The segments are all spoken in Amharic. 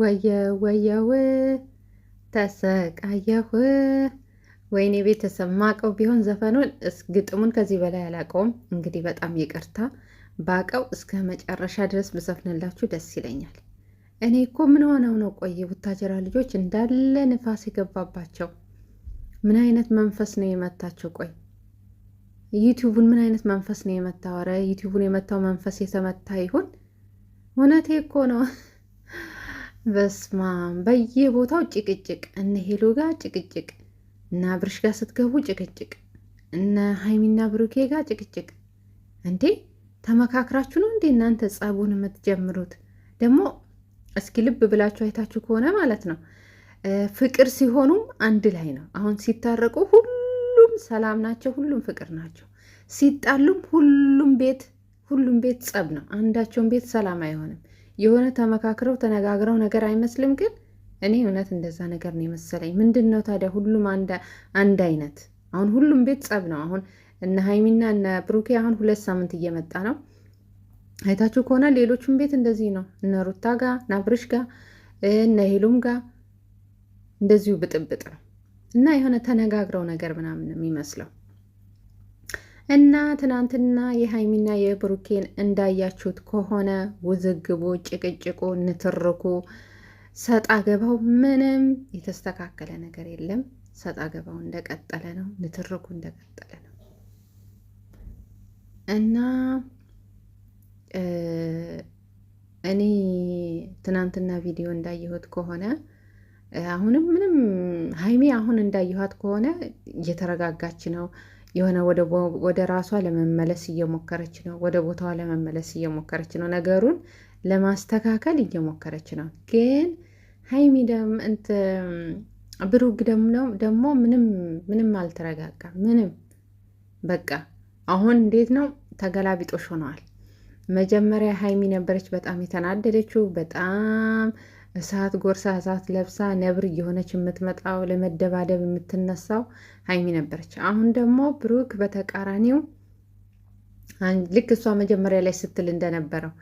ወየ ወየው ተሰቃየሁ። ወይኔ ቤተሰብ ማቀው ቢሆን ዘፈኑን ግጥሙን ከዚህ በላይ አላቀውም። እንግዲህ በጣም ይቅርታ ባቀው እስከ መጨረሻ ድረስ ብሰፍንላችሁ ደስ ይለኛል። እኔ እኮ ምን ሆነው ነው? ቆይ ቡታጀራ ልጆች እንዳለ ንፋስ የገባባቸው ምን አይነት መንፈስ ነው የመታቸው? ቆይ ዩቲዩቡን ምን አይነት መንፈስ ነው የመታው? ኧረ ዩቲዩቡን የመታው መንፈስ የተመታ ይሁን። እውነቴ እኮ ነው። በስማም በየቦታው ጭቅጭቅ፣ እነ ሄሎ ጋር ጭቅጭቅ፣ እነ አብርሽ ጋር ስትገቡ ጭቅጭቅ፣ እነ ሀይሚና ብሩኬ ጋር ጭቅጭቅ። እንዴ ተመካክራችሁ ነው እንዴ እናንተ ጸቡን የምትጀምሩት? ደግሞ እስኪ ልብ ብላችሁ አይታችሁ ከሆነ ማለት ነው ፍቅር ሲሆኑም አንድ ላይ ነው። አሁን ሲታረቁ ሁሉም ሰላም ናቸው፣ ሁሉም ፍቅር ናቸው። ሲጣሉም ሁሉም ቤት ሁሉም ቤት ጸብ ነው። አንዳቸውን ቤት ሰላም አይሆንም። የሆነ ተመካክረው ተነጋግረው ነገር አይመስልም። ግን እኔ እውነት እንደዛ ነገር ነው የመሰለኝ። ምንድን ነው ታዲያ ሁሉም አንድ አይነት? አሁን ሁሉም ቤት ጸብ ነው። አሁን እነ ሀይሚና እነ ብሩኬ አሁን ሁለት ሳምንት እየመጣ ነው። አይታችሁ ከሆነ ሌሎቹም ቤት እንደዚህ ነው። እነ ሩታ ጋ እነ አብርሽ ጋ እነ ሄሉም ጋ እንደዚሁ ብጥብጥ ነው እና የሆነ ተነጋግረው ነገር ምናምን የሚመስለው እና ትናንትና የሀይሚና የብሩኬን እንዳያችሁት ከሆነ ውዝግቡ፣ ጭቅጭቁ፣ ንትርኩ፣ ሰጣ ገባው ምንም የተስተካከለ ነገር የለም። ሰጣ ገባው እንደቀጠለ ነው። ንትርኩ እንደቀጠለ ነው እና እኔ ትናንትና ቪዲዮ እንዳየሁት ከሆነ አሁንም ምንም ሀይሚ አሁን እንዳየኋት ከሆነ እየተረጋጋች ነው የሆነ ወደ ራሷ ለመመለስ እየሞከረች ነው፣ ወደ ቦታዋ ለመመለስ እየሞከረች ነው፣ ነገሩን ለማስተካከል እየሞከረች ነው። ግን ሀይሚ ብሩግ ደግሞ ምንም ምንም አልተረጋጋ ምንም በቃ አሁን እንዴት ነው ተገላቢጦሽ ሆነዋል። መጀመሪያ ሀይሚ ነበረች በጣም የተናደደችው በጣም እሳት ጎርሳ እሳት ለብሳ ነብር እየሆነች የምትመጣው ለመደባደብ የምትነሳው ሀይሚ ነበረች። አሁን ደግሞ ብሩክ በተቃራኒው ልክ እሷ መጀመሪያ ላይ ስትል እንደነበረው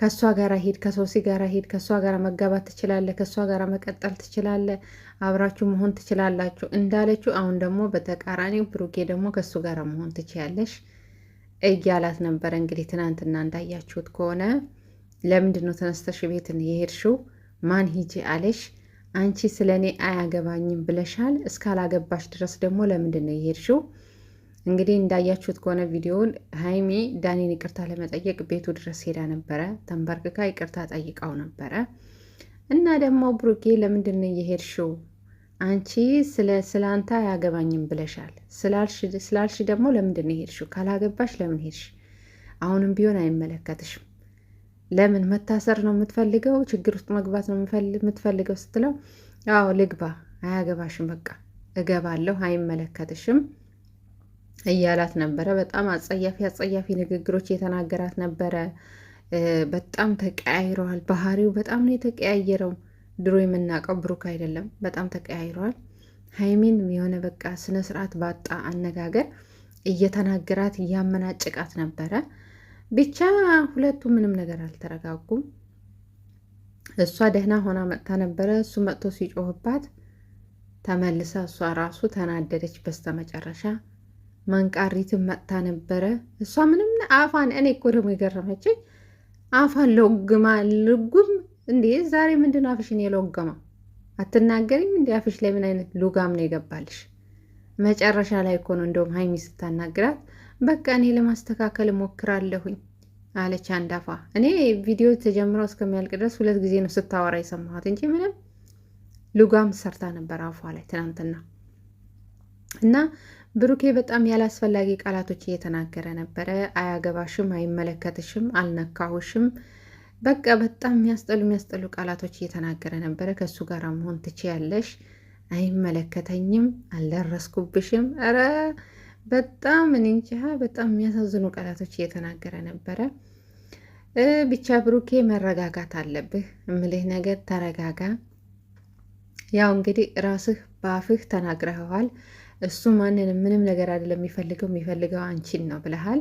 ከእሷ ጋር ሂድ፣ ከሶሲ ጋር ሂድ፣ ከእሷ ጋር መጋባት ትችላለ ከእሷ ጋር መቀጠል ትችላለህ፣ አብራችሁ መሆን ትችላላችሁ እንዳለችው፣ አሁን ደግሞ በተቃራኒው ብሩኬ ደግሞ ከእሱ ጋር መሆን ትችያለሽ እያላት ነበረ። እንግዲህ ትናንትና እንዳያችሁት ከሆነ ለምንድን ነው ተነስተሽ ቤትን የሄድሽው? ማን ሂጂ አለሽ? አንቺ ስለ እኔ አያገባኝም ብለሻል። እስካላገባሽ ድረስ ደግሞ ለምንድን ነው የሄድሽው? እንግዲህ እንዳያችሁት ከሆነ ቪዲዮውን ሀይሚ ዳኒን ይቅርታ ለመጠየቅ ቤቱ ድረስ ሄዳ ነበረ። ተንበርክካ ይቅርታ ጠይቃው ነበረ። እና ደግሞ ብሩኬ ለምንድን ነው የሄድሽው? አንቺ ስለ አያገባኝም ብለሻል ስላልሽ ደግሞ ለምንድን ነው የሄድሽው? ካላገባሽ ለምን ሄድሽ? አሁንም ቢሆን አይመለከትሽም ለምን መታሰር ነው የምትፈልገው? ችግር ውስጥ መግባት ነው የምትፈልገው ስትለው አዎ ልግባ፣ አያገባሽም፣ በቃ እገባለሁ፣ አይመለከትሽም እያላት ነበረ። በጣም አጸያፊ አጸያፊ ንግግሮች እየተናገራት ነበረ። በጣም ተቀያይረዋል። ባህሪው በጣም ነው የተቀያየረው። ድሮ የምናውቀው ብሩክ አይደለም። በጣም ተቀያይረዋል። ሀይሚን የሆነ በቃ ስነ ስርዓት ባጣ አነጋገር እየተናገራት እያመናጭቃት ነበረ። ብቻ ሁለቱ ምንም ነገር አልተረጋጉም። እሷ ደህና ሆና መጥታ ነበረ። እሱ መጥቶ ሲጮህባት ተመልሳ እሷ ራሱ ተናደደች። በስተመጨረሻ መንቃሪትም መጥታ ነበረ። እሷ ምንም አፋን እኔ እኮ ደግሞ የገረመችኝ አፋን ለግማ ልጉም እንዴ! ዛሬ ምንድን አፍሽን የለጎማ አትናገሪም እንዲ አፍሽ ላይ ምን አይነት ሉጋም ነው የገባልሽ? መጨረሻ ላይ እኮ ነው እንደውም ሀይሚ ስታናግራት በቃ እኔ ለማስተካከል እሞክራለሁኝ አለች አንዳፋ። እኔ ቪዲዮ ተጀምረው እስከሚያልቅ ድረስ ሁለት ጊዜ ነው ስታወራ የሰማሁት እንጂ ምንም ልጓም ሰርታ ነበር አፏ ላይ ትናንትና እና ብሩኬ በጣም ያላስፈላጊ ቃላቶች እየተናገረ ነበረ። አያገባሽም፣ አይመለከትሽም፣ አልነካሁሽም በቃ በጣም የሚያስጠሉ የሚያስጠሉ ቃላቶች እየተናገረ ነበረ። ከእሱ ጋር መሆን ትችያለሽ፣ አይመለከተኝም፣ አልደረስኩብሽም፣ ኧረ በጣም እኔ እንጃ በጣም የሚያሳዝኑ ቃላቶች እየተናገረ ነበረ። ብቻ ብሩኬ መረጋጋት አለብህ እምልህ ነገር ተረጋጋ። ያው እንግዲህ ራስህ በአፍህ ተናግረኸዋል። እሱ ማንንም ምንም ነገር አይደለም የሚፈልገው የሚፈልገው አንቺን ነው ብለሃል።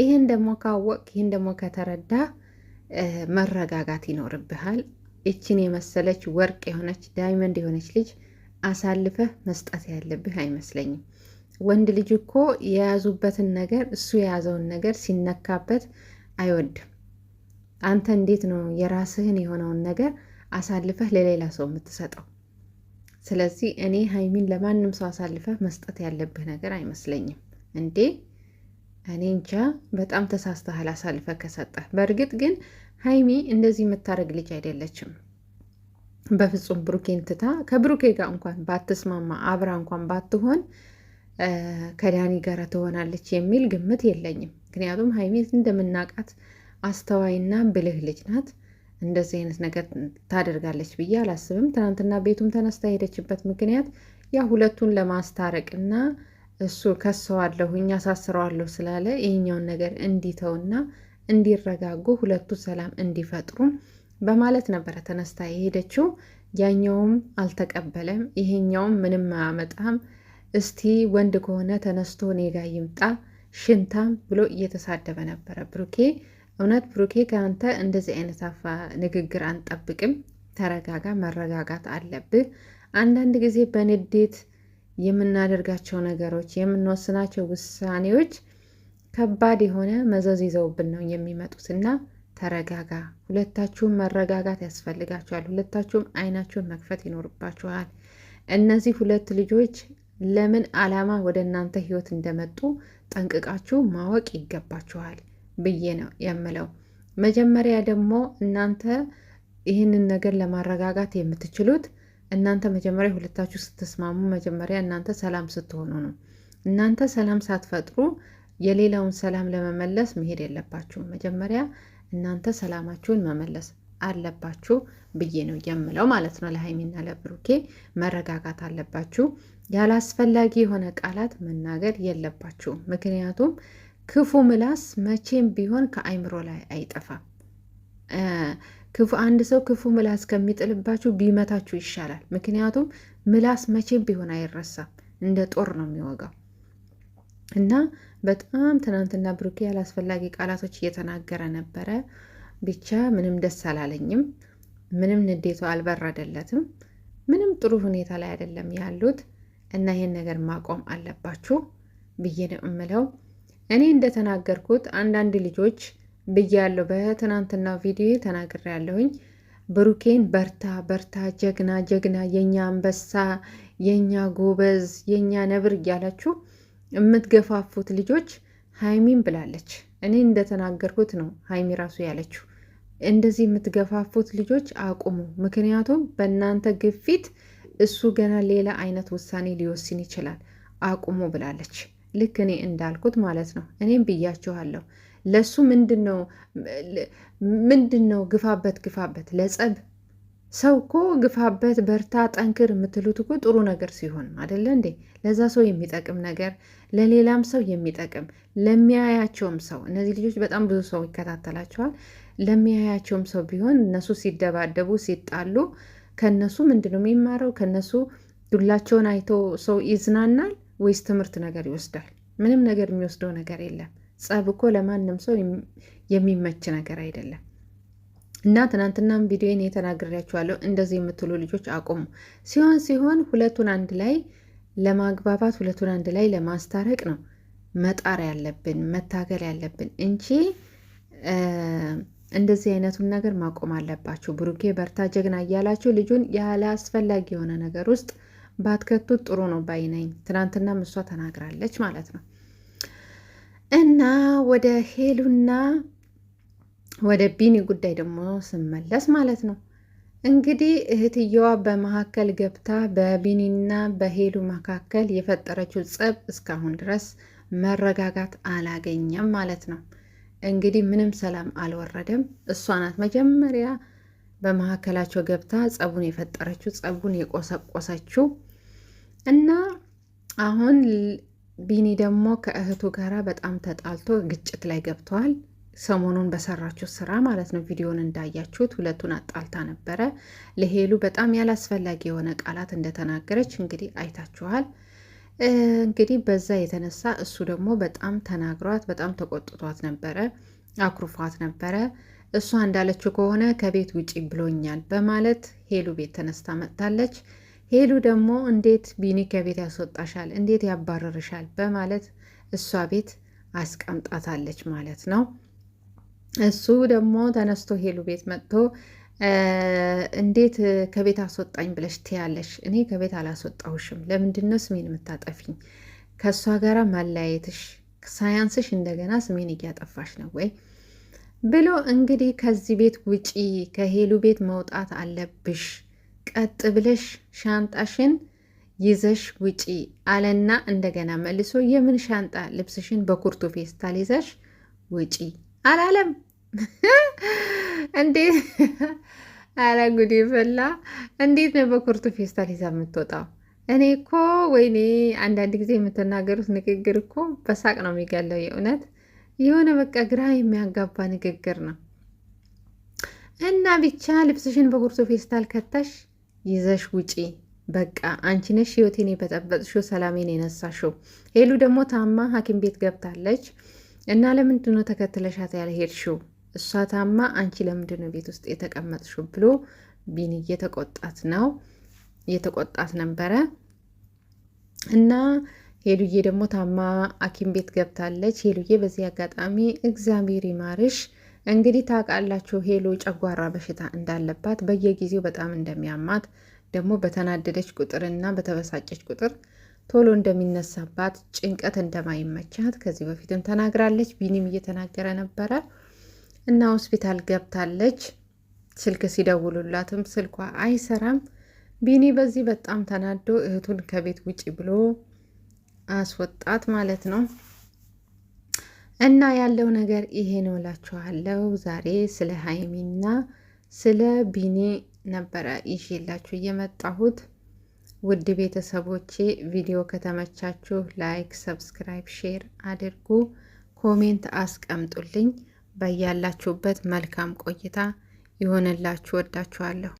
ይህን ደግሞ ካወቅ ይህን ደግሞ ከተረዳ መረጋጋት ይኖርብሃል። ይችን የመሰለች ወርቅ የሆነች ዳይመንድ የሆነች ልጅ አሳልፈህ መስጠት ያለብህ አይመስለኝም። ወንድ ልጅ እኮ የያዙበትን ነገር እሱ የያዘውን ነገር ሲነካበት አይወድም። አንተ እንዴት ነው የራስህን የሆነውን ነገር አሳልፈህ ለሌላ ሰው የምትሰጠው? ስለዚህ እኔ ሀይሚን ለማንም ሰው አሳልፈህ መስጠት ያለብህ ነገር አይመስለኝም። እንዴ እኔ እንጃ፣ በጣም ተሳስተሃል አሳልፈህ ከሰጠህ። በእርግጥ ግን ሀይሚ እንደዚህ የምታደርግ ልጅ አይደለችም በፍጹም። ብሩኬን ትታ ከብሩኬ ጋር እንኳን ባትስማማ አብራ እንኳን ባትሆን ከዳኒ ጋር ትሆናለች የሚል ግምት የለኝም። ምክንያቱም ሀይሜት እንደምናቃት አስተዋይና ብልህ ልጅ ናት። እንደዚህ አይነት ነገር ታደርጋለች ብዬ አላስብም። ትናንትና ቤቱም ተነስታ ሄደችበት ምክንያት ያ ሁለቱን ለማስታረቅና እሱ ከሰዋለሁ እኛ ሳስረዋለሁ ስላለ ይህኛውን ነገር እንዲተውና እንዲረጋጉ ሁለቱ ሰላም እንዲፈጥሩ በማለት ነበረ ተነስታ የሄደችው። ያኛውም አልተቀበለም፣ ይሄኛውም ምንም አያመጣም እስቲ ወንድ ከሆነ ተነስቶ ኔጋ ይምጣ ሽንታም ብሎ እየተሳደበ ነበረ ብሩኬ። እውነት ብሩኬ ከአንተ እንደዚህ አይነት አፋ ንግግር አንጠብቅም። ተረጋጋ፣ መረጋጋት አለብህ። አንዳንድ ጊዜ በንዴት የምናደርጋቸው ነገሮች፣ የምንወስናቸው ውሳኔዎች ከባድ የሆነ መዘዝ ይዘውብን ነው የሚመጡትና ተረጋጋ። ሁለታችሁም መረጋጋት ያስፈልጋችኋል። ሁለታችሁም አይናችሁን መክፈት ይኖርባችኋል። እነዚህ ሁለት ልጆች ለምን ዓላማ ወደ እናንተ ህይወት እንደመጡ ጠንቅቃችሁ ማወቅ ይገባችኋል ብዬ ነው የምለው። መጀመሪያ ደግሞ እናንተ ይህንን ነገር ለማረጋጋት የምትችሉት እናንተ መጀመሪያ ሁለታችሁ ስትስማሙ፣ መጀመሪያ እናንተ ሰላም ስትሆኑ ነው። እናንተ ሰላም ሳትፈጥሩ የሌላውን ሰላም ለመመለስ መሄድ የለባችሁም። መጀመሪያ እናንተ ሰላማችሁን መመለስ አለባችሁ ብዬ ነው የምለው ማለት ነው። ለሀይሚና ለብሩኬ መረጋጋት አለባችሁ። ያላስፈላጊ የሆነ ቃላት መናገር የለባችሁም። ምክንያቱም ክፉ ምላስ መቼም ቢሆን ከአይምሮ ላይ አይጠፋም። ክፉ አንድ ሰው ክፉ ምላስ ከሚጥልባችሁ ቢመታችሁ ይሻላል። ምክንያቱም ምላስ መቼም ቢሆን አይረሳም፣ እንደ ጦር ነው የሚወጋው። እና በጣም ትናንትና ብሩኬ ያላስፈላጊ ቃላቶች እየተናገረ ነበረ። ብቻ ምንም ደስ አላለኝም። ምንም ንዴቱ አልበረደለትም። ምንም ጥሩ ሁኔታ ላይ አይደለም ያሉት። እና ይህን ነገር ማቆም አለባችሁ ብዬ ነው እምለው። እኔ እንደተናገርኩት አንዳንድ ልጆች ብያለሁ፣ በትናንትናው ቪዲዮ ተናግሬ ያለሁኝ ብሩኬን በርታ በርታ፣ ጀግና ጀግና፣ የኛ አንበሳ፣ የኛ ጎበዝ፣ የኛ ነብር እያላችሁ የምትገፋፉት ልጆች ሀይሚን ብላለች። እኔ እንደተናገርኩት ነው ሀይሚ ራሱ ያለችው። እንደዚህ የምትገፋፉት ልጆች አቁሙ። ምክንያቱም በእናንተ ግፊት እሱ ገና ሌላ አይነት ውሳኔ ሊወስን ይችላል አቁሙ ብላለች። ልክ እኔ እንዳልኩት ማለት ነው። እኔም ብያችኋለሁ። ለእሱ ምንድን ነው ግፋበት፣ ግፋበት ለጸብ ሰው እኮ ግፋበት፣ በርታ፣ ጠንክር የምትሉት እኮ ጥሩ ነገር ሲሆን አደለ እንዴ? ለዛ ሰው የሚጠቅም ነገር፣ ለሌላም ሰው የሚጠቅም ለሚያያቸውም ሰው እነዚህ ልጆች በጣም ብዙ ሰው ይከታተላቸዋል። ለሚያያቸውም ሰው ቢሆን እነሱ ሲደባደቡ ሲጣሉ ከነሱ ምንድን ነው የሚማረው? ከነሱ ዱላቸውን አይቶ ሰው ይዝናናል ወይስ ትምህርት ነገር ይወስዳል? ምንም ነገር የሚወስደው ነገር የለም። ጸብ እኮ ለማንም ሰው የሚመች ነገር አይደለም። እና ትናንትናም ቪዲዮን የተናግሬያችኋለሁ። እንደዚህ የምትሉ ልጆች አቁሙ። ሲሆን ሲሆን ሁለቱን አንድ ላይ ለማግባባት ሁለቱን አንድ ላይ ለማስታረቅ ነው መጣር ያለብን መታገል ያለብን እንጂ እንደዚህ አይነቱን ነገር ማቆም አለባችሁ። ብሩኬ በርታ፣ ጀግና እያላችሁ ልጁን ያለ አስፈላጊ የሆነ ነገር ውስጥ ባትከቱት ጥሩ ነው ባይ ነኝ። ትናንትናም እሷ ተናግራለች ማለት ነው እና ወደ ሄሉና ወደ ቢኒ ጉዳይ ደግሞ ስመለስ ማለት ነው እንግዲህ እህትየዋ በመካከል ገብታ በቢኒና በሄሉ መካከል የፈጠረችው ጸብ እስካሁን ድረስ መረጋጋት አላገኘም ማለት ነው። እንግዲህ ምንም ሰላም አልወረደም። እሷ ናት መጀመሪያ በመካከላቸው ገብታ ጸቡን የፈጠረችው ጸቡን የቆሰቆሰችው እና አሁን ቢኒ ደግሞ ከእህቱ ጋራ በጣም ተጣልቶ ግጭት ላይ ገብተዋል። ሰሞኑን በሰራችው ስራ ማለት ነው። ቪዲዮን እንዳያችሁት ሁለቱን አጣልታ ነበረ። ለሄሉ በጣም ያላስፈላጊ የሆነ ቃላት እንደተናገረች እንግዲህ አይታችኋል። እንግዲህ በዛ የተነሳ እሱ ደግሞ በጣም ተናግሯት በጣም ተቆጥቷት ነበረ፣ አኩርፏት ነበረ። እሷ እንዳለችው ከሆነ ከቤት ውጪ ብሎኛል በማለት ሄሉ ቤት ተነስታ መጥታለች። ሄሉ ደግሞ እንዴት ቢኒ ከቤት ያስወጣሻል፣ እንዴት ያባረርሻል በማለት እሷ ቤት አስቀምጣታለች ማለት ነው። እሱ ደግሞ ተነስቶ ሄሉ ቤት መጥቶ እንዴት ከቤት አስወጣኝ ብለሽ ትያለሽ? እኔ ከቤት አላስወጣሁሽም። ለምንድን ነው ስሜን የምታጠፊኝ? ከእሷ ጋር ማለያየትሽ ሳያንስሽ እንደገና ስሜን እያጠፋሽ ነው ወይ ብሎ እንግዲህ ከዚህ ቤት ውጪ፣ ከሄሉ ቤት መውጣት አለብሽ። ቀጥ ብለሽ ሻንጣሽን ይዘሽ ውጪ አለና እንደገና መልሶ የምን ሻንጣ ልብስሽን በኩርቱ ፌስታል ይዘሽ ውጪ አላለም። እንዴት አረ ጉዴ ፈላ። እንዴት ነው በኩርቱ ፌስታል ይዛ የምትወጣው? እኔ እኮ ወይኔ አንዳንድ ጊዜ የምትናገሩት ንግግር እኮ በሳቅ ነው የሚገለው። የእውነት የሆነ በቃ ግራ የሚያጋባ ንግግር ነው። እና ብቻ ልብስሽን በኩርቱ ፌስታል ከተሽ ይዘሽ ውጪ። በቃ አንቺ ነሽ ህይወቴን የበጠበጥሽው፣ ሰላሜን የነሳሽው። ሄሉ ደግሞ ታማ ሐኪም ቤት ገብታለች እና ለምንድነው ተከትለሻት ያልሄድሽው? እሷ ታማ አንቺ ለምንድን ነው ቤት ውስጥ የተቀመጥሹ? ብሎ ቢኒ እየተቆጣት ነው እየተቆጣት ነበረ እና ሄሉዬ ደግሞ ታማ ሐኪም ቤት ገብታለች። ሄሉዬ በዚህ አጋጣሚ እግዚአብሔር ይማርሽ። እንግዲህ ታውቃላችሁ ሄሉ ጨጓራ በሽታ እንዳለባት በየጊዜው በጣም እንደሚያማት ደግሞ በተናደደች ቁጥርና በተበሳጨች ቁጥር ቶሎ እንደሚነሳባት ጭንቀት እንደማይመቻት ከዚህ በፊትም ተናግራለች። ቢኒም እየተናገረ ነበረ። እና ሆስፒታል ገብታለች። ስልክ ሲደውሉላትም ስልኳ አይሰራም። ቢኒ በዚህ በጣም ተናዶ እህቱን ከቤት ውጭ ብሎ አስወጣት ማለት ነው። እና ያለው ነገር ይሄ ነው እላችኋለሁ። ዛሬ ስለ ሀይሚና ስለ ቢኒ ነበረ ይዤላችሁ እየመጣሁት። ውድ ቤተሰቦቼ ቪዲዮ ከተመቻችሁ ላይክ፣ ሰብስክራይብ፣ ሼር አድርጉ። ኮሜንት አስቀምጡልኝ። በያላችሁበት መልካም ቆይታ ይሆንላችሁ። ወዳችኋለሁ።